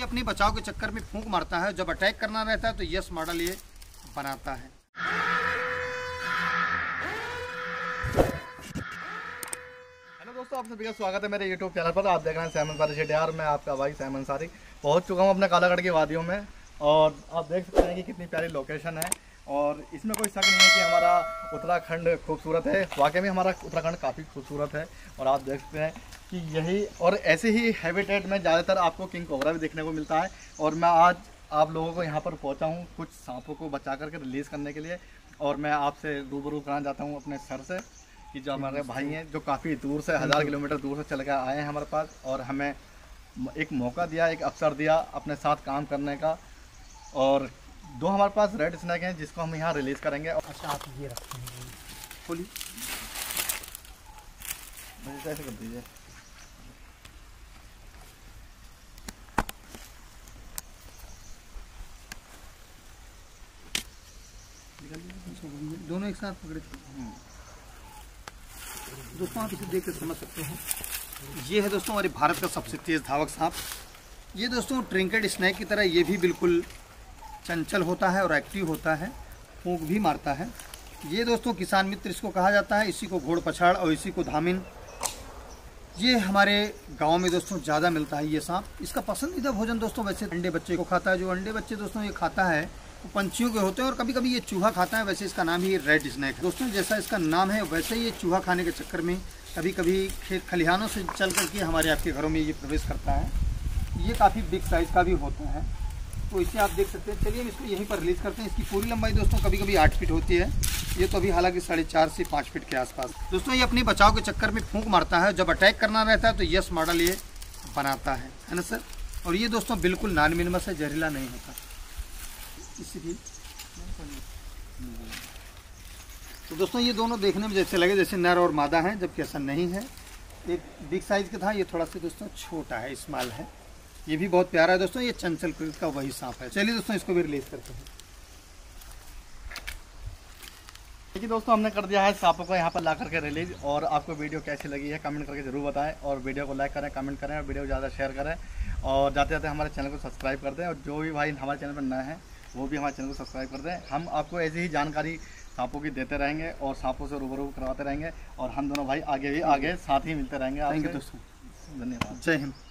ये अपने बचाव के चक्कर में फूंक मारता है जब अटैक करना रहता है तो यस मॉडल ये बनाता है हेलो दोस्तों आप सभी का स्वागत है मेरे यूट्यूब चैनल पर आप देख रहे हैं सैमन सारी शेटियार मैं आपका भाई सैमन सारी पहुंच चुका हूं अपने कालागढ़ की वादियों में और आप देख सकते हैं कि कितनी प्यारी लोकेशन है और इसमें कोई शक नहीं है कि हमारा उत्तराखंड खूबसूरत है वाकई में हमारा उत्तराखंड काफ़ी खूबसूरत है और आप देख सकते हैं कि यही और ऐसे ही हैबिटेट में ज़्यादातर आपको किंग कोबरा भी देखने को मिलता है और मैं आज आप लोगों को यहाँ पर पहुँचा हूँ कुछ सांपों को बचा करके रिलीज़ करने के लिए और मैं आपसे रूबरू कराना चाहता हूँ अपने सर से कि जो हमारे भाई हैं जो काफ़ी दूर से हज़ार किलोमीटर दूर से चल कर आए हैं हमारे पास और हमें एक मौका दिया एक अवसर दिया अपने साथ काम करने का और दो हमारे पास रेड स्नैक हैं जिसको हम यहाँ रिलीज़ करेंगे अच्छा आप ये रखेंगे खोलिए ऐसे कर दीजिए दोनों एक साथ पकड़े थे दोस्तों आप इसे देख कर समझ सकते हैं ये है दोस्तों हमारे भारत का सबसे तेज़ धावक सांप ये दोस्तों ट्रिंकेट स्नैक की तरह ये भी बिल्कुल चंचल होता है और एक्टिव होता है फूक भी मारता है ये दोस्तों किसान मित्र इसको कहा जाता है इसी को घोड़ पछाड़ और इसी को धामिन ये हमारे गांव में दोस्तों ज़्यादा मिलता है ये सांप इसका पसंदीदा भोजन दोस्तों वैसे अंडे बच्चे को खाता है जो अंडे बच्चे दोस्तों ये खाता है पंछियों के होते हैं और कभी कभी ये चूहा खाता है वैसे इसका नाम ही रेड स्नैक है दोस्तों जैसा इसका नाम है वैसे ये चूहा खाने के चक्कर में कभी कभी खेत खलिहानों से चल करके हमारे आपके घरों में ये प्रवेश करता है ये काफ़ी बिग साइज़ का भी होता है तो इसे आप देख सकते हैं चलिए हम इसको यहीं पर रिलीज़ करते हैं इसकी पूरी लंबाई दोस्तों कभी कभी आठ फीट होती है ये तो अभी हालांकि साढ़े चार से पाँच फीट के आसपास दोस्तों ये अपने बचाव के चक्कर में फूंक मारता है जब अटैक करना रहता है तो यस मॉडल ये बनाता है है ना सर और ये दोस्तों बिल्कुल नान मिनमस है जहरीला नहीं होता इससे भी तो दोस्तों ये दोनों देखने में जैसे लगे जैसे नर और मादा हैं जबकि ऐसा नहीं है एक बिग साइज़ का था ये थोड़ा सा दोस्तों छोटा है स्मॉल है ये भी बहुत प्यारा है दोस्तों ये चंचल प्रकृति का वही सांप है चलिए दोस्तों इसको भी रिलीज करते हैं देखिए दोस्तों हमने कर दिया है सांपों को यहाँ पर ला करके रिलीज और आपको वीडियो कैसी लगी है कमेंट करके जरूर बताएं और वीडियो को लाइक करें कमेंट करें और वीडियो ज़्यादा शेयर करें और जाते जाते हमारे चैनल को सब्सक्राइब कर दें और जो भी भाई हमारे चैनल पर नए हैं वो भी हमारे चैनल को सब्सक्राइब कर दें हम आपको ऐसी ही जानकारी सांपों की देते रहेंगे और सांपों से रूबरू करवाते रहेंगे और हम दोनों भाई आगे भी आगे साथ ही मिलते रहेंगे आपके दोस्तों धन्यवाद जय हिंद